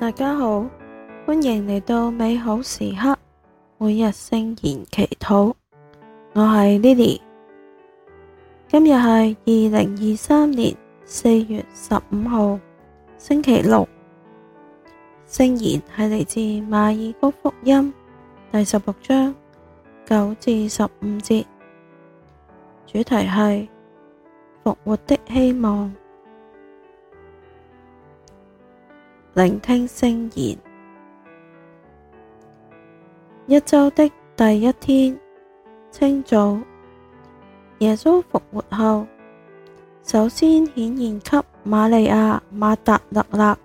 大家好，歡迎嚟到美好時刻，每日聖言祈禱。我係 Lily，今日係二零二三年四月十五號，星期六。聖言係嚟自馬爾谷福音第十六章九至十五節，主題係復活的希望。聆聽聖言。一周的第一天，清早，耶穌復活後，首先顯現給瑪利亞瑪達肋納，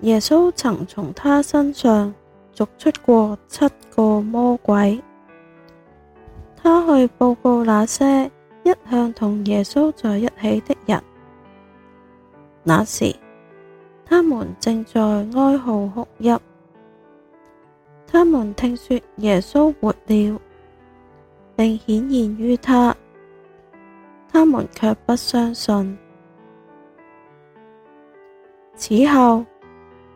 耶穌曾從她身上逐出過七個魔鬼。她去報告那些一向同耶穌在一起的人，那時，他們正在哀號哭泣，他們聽說耶穌活了，並顯現於她，他們卻不相信。此後，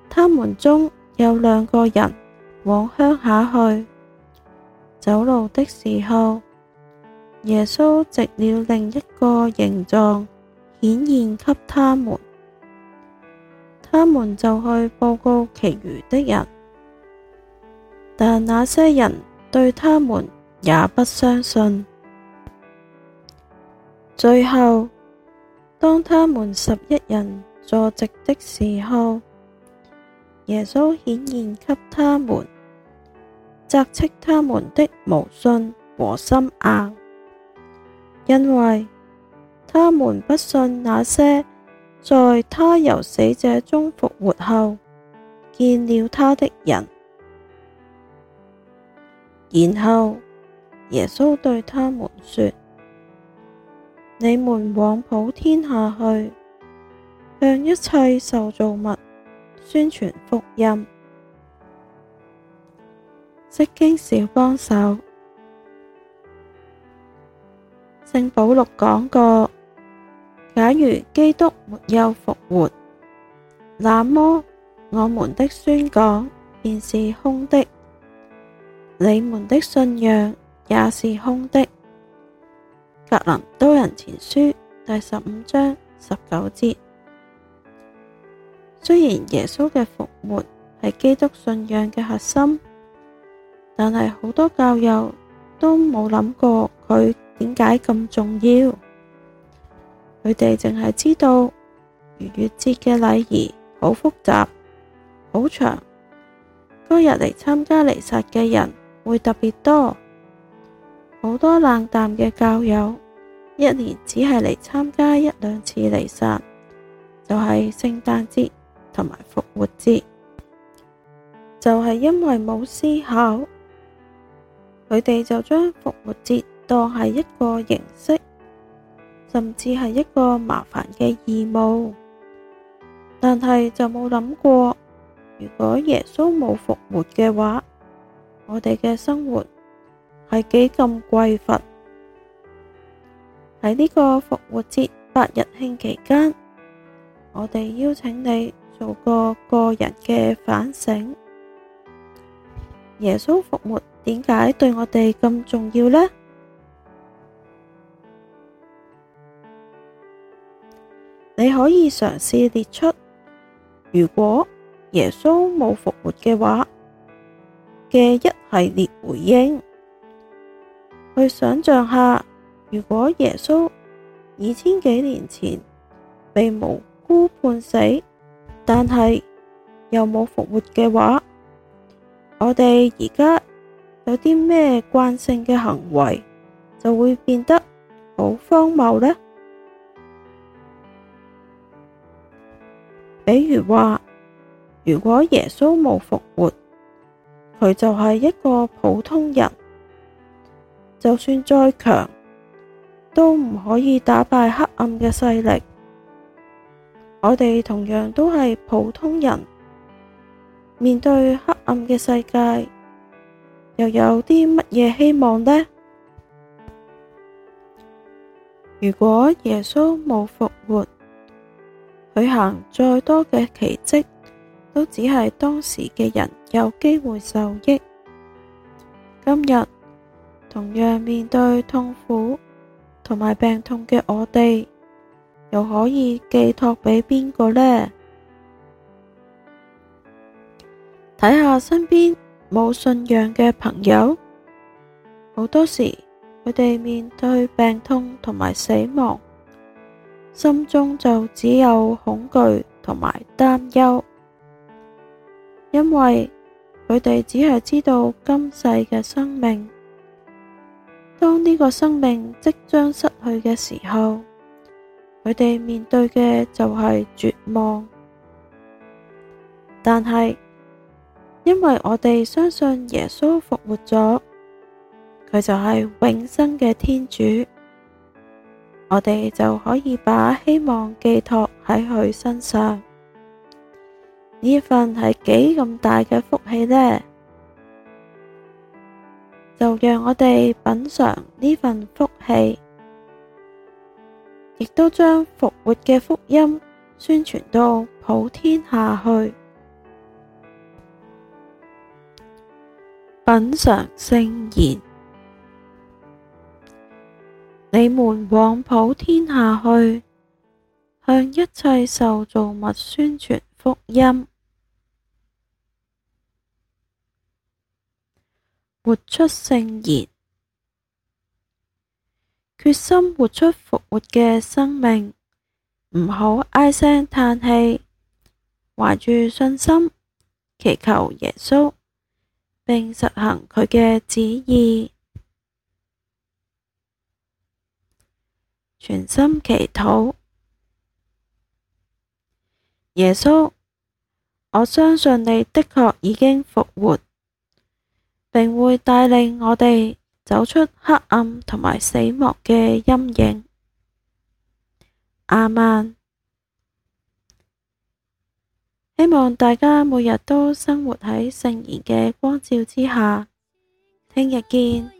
他們中有兩個人往鄉下去，走路的時候，耶穌藉了另一個形狀，顯現給他們。他們就去報告其餘的人，但那些人對他們也不相信。最後，當他們十一人坐席的時候，耶穌顯現給他們，責斥他們的無信和心硬，因為他們不信那些。在他由死者中復活後，見了他的人。然後耶穌對他們說：你們往普天下去，向一切受造物宣傳福音。釋經小幫手，聖保祿講過。假如基督沒有復活，那麼我們的宣講便是空的，你們的信仰也是空的。《格林多人前書》第十五章十九節。雖然耶穌嘅復活係基督信仰嘅核心，但係好多教友都冇諗過佢點解咁重要。佢哋淨係知道逾越節嘅禮儀好複雜、好長。嗰日嚟參加彌撒嘅人會特別多，好多冷淡嘅教友一年只係嚟參加一兩次彌撒，就係聖誕節同埋復活節。就係因為冇思考，佢哋就將復活節當係一個形式。甚至係一個麻煩嘅義務，但係就冇諗過，如果耶穌冇復活嘅話，我哋嘅生活係幾咁匱乏。喺呢個復活節八日慶期間，我哋邀請你做個個人嘅反省：耶穌復活點解對我哋咁重要呢？你可以嘗試列出，如果耶穌冇復活嘅話嘅一系列回應，去想象下，如果耶穌二千幾年前被無辜判死，但係又冇復活嘅話，我哋而家有啲咩慣性嘅行為就會變得好荒謬呢？比如話，如果耶穌冇復活，佢就係一個普通人，就算再強，都唔可以打敗黑暗嘅勢力。我哋同樣都係普通人，面對黑暗嘅世界，又有啲乜嘢希望呢？如果耶穌冇復活，舉行再多嘅奇跡，都只係當時嘅人有機會受益。今日同樣面對痛苦同埋病痛嘅我哋，又可以寄託畀邊個呢？睇下身邊冇信仰嘅朋友，好多時佢哋面對病痛同埋死亡。心中就只有恐懼同埋擔憂，因為佢哋只係知道今世嘅生命。當呢個生命即將失去嘅時候，佢哋面對嘅就係絕望。但係，因為我哋相信耶穌復活咗，佢就係永生嘅天主。我哋就可以把希望寄託喺佢身上，呢份係幾咁大嘅福氣呢？就讓我哋品嘗呢份福氣，亦都將復活嘅福音宣傳到普天下去。品嘗聖言。你們往普天下去，向一切受造物宣傳福音，活出聖言。決心活出復活嘅生命，唔好唉聲嘆氣，懷住信心，祈求耶穌，並實行佢嘅旨意。全心祈禱，耶穌，我相信你的確已經復活，並會帶領我哋走出黑暗同埋死亡嘅陰影。阿們，希望大家每日都生活喺聖言嘅光照之下。聽日見。